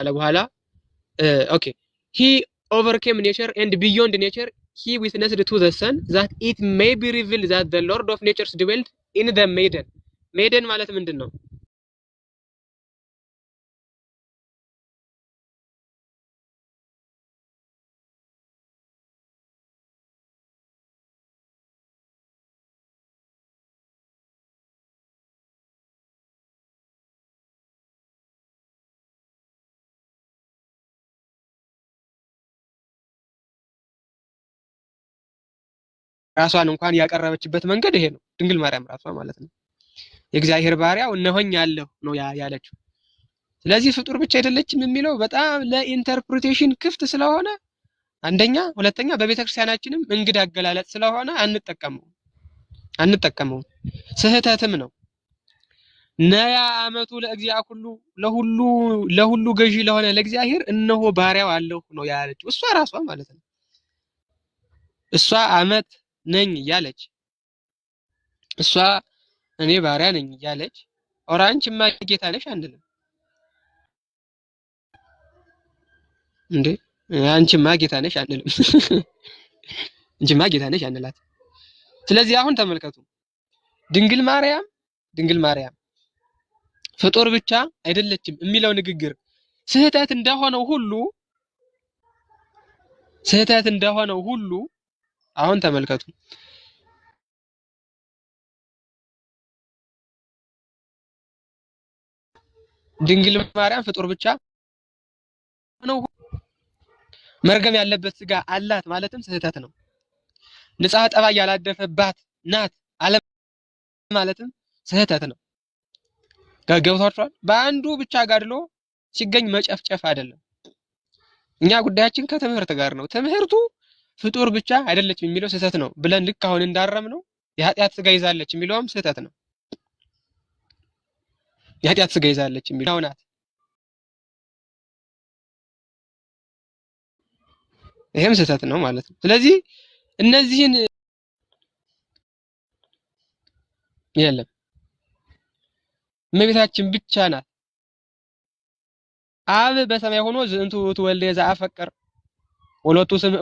ካለ በኋላ ኦኬ ሂ ኦቨርኬም ኔቸር ኤንድ ቢዮንድ ኔቸር ሂ ዊትነስድ ቱ ዘ ሰን ዛት ኢት ሜይ ቢ ሪቪልድ ዛት ዘ ሎርድ ኦፍ ኔቸርስ ድዌልድ ኢን ዘ ሜደን ሜደን ማለት ምንድን ነው ራሷን እንኳን ያቀረበችበት መንገድ ይሄ ነው። ድንግል ማርያም ራሷ ማለት ነው የእግዚአብሔር ባሪያው እነሆኝ አለሁ ነው ያለችው። ስለዚህ ፍጡር ብቻ አይደለችም የሚለው በጣም ለኢንተርፕሪቴሽን ክፍት ስለሆነ አንደኛ፣ ሁለተኛ በቤተክርስቲያናችንም እንግዳ አገላለጥ ስለሆነ አንጠቀመው አንጠቀመው ስህተትም ነው። ነያ አመቱ ለእግዚአ ሁሉ ለሁሉ ለሁሉ ገዢ ለሆነ ለእግዚአብሔር እነሆ ባሪያው አለሁ ነው ያለችው እሷ ራሷ ማለት ነው። እሷ አመት ነኝ እያለች እሷ እኔ ባሪያ ነኝ እያለች ኧረ አንቺማ ጌታ ነሽ አንልም እንዴ አንቺማ ጌታ ነሽ አንልም አንቺማ ጌታ ነሽ አንላት ስለዚህ አሁን ተመልከቱ ድንግል ማርያም ድንግል ማርያም ፍጡር ብቻ አይደለችም የሚለው ንግግር ስህተት እንደሆነው ሁሉ ስህተት እንደሆነው ሁሉ አሁን ተመልከቱ። ድንግል ማርያም ፍጡር ብቻ ነው። መርገም ያለበት ስጋ አላት ማለትም ስህተት ነው። ንጽሐ ጠባይ ያላደፈባት ናት አለ ማለትም ስህተት ነው። ገብቷችኋል? በአንዱ ብቻ ጋድሎ ሲገኝ መጨፍጨፍ አይደለም። እኛ ጉዳያችን ከትምህርት ጋር ነው። ትምህርቱ ፍጡር ብቻ አይደለችም የሚለው ስህተት ነው ብለን ልክ አሁን እንዳረም ነው የኃጢአት ስጋ ይዛለች የሚለውም ስህተት ነው። የኃጢአት ስጋ ይዛለች የሚለው ናት። ይሄም ስህተት ነው ማለት ነው። ስለዚህ እነዚህን የለም እመቤታችን ብቻ ናት። አብ በሰማይ ሆኖ ዝንቱ ትወልደ ዘአፈቅር ወሎቱ ስም